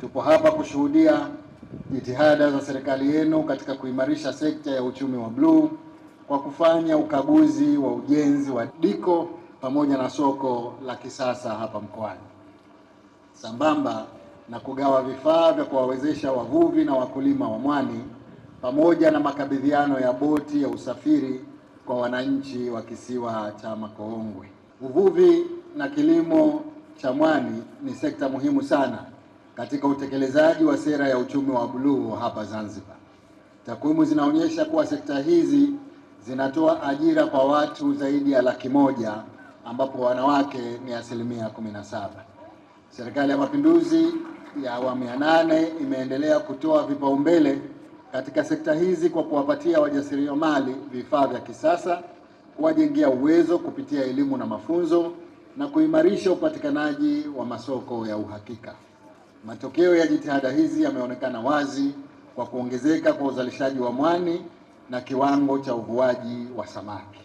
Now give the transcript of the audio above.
tupo hapa kushuhudia jitihada za serikali yenu katika kuimarisha sekta ya uchumi wa bluu kwa kufanya ukaguzi wa ujenzi wa diko pamoja na soko la kisasa hapa mkoani, sambamba na kugawa vifaa vya kuwawezesha wavuvi na wakulima wa mwani pamoja na makabidhiano ya boti ya usafiri kwa wananchi wa kisiwa cha Makoongwe. Uvuvi na kilimo cha mwani ni sekta muhimu sana katika utekelezaji wa sera ya uchumi wa bluu hapa Zanzibar. Takwimu zinaonyesha kuwa sekta hizi zinatoa ajira kwa watu zaidi ya laki moja ambapo wanawake ni asilimia saba Serikali ya Mapinduzi ya awamu ya nane imeendelea kutoa vipaumbele katika sekta hizi kwa kuwapatia wajasiriamali vifaa vya kisasa, kuwajengia uwezo kupitia elimu na mafunzo na kuimarisha upatikanaji wa masoko ya uhakika. Matokeo ya jitihada hizi yameonekana wazi kwa kuongezeka kwa uzalishaji wa mwani na kiwango cha uvuaji wa samaki.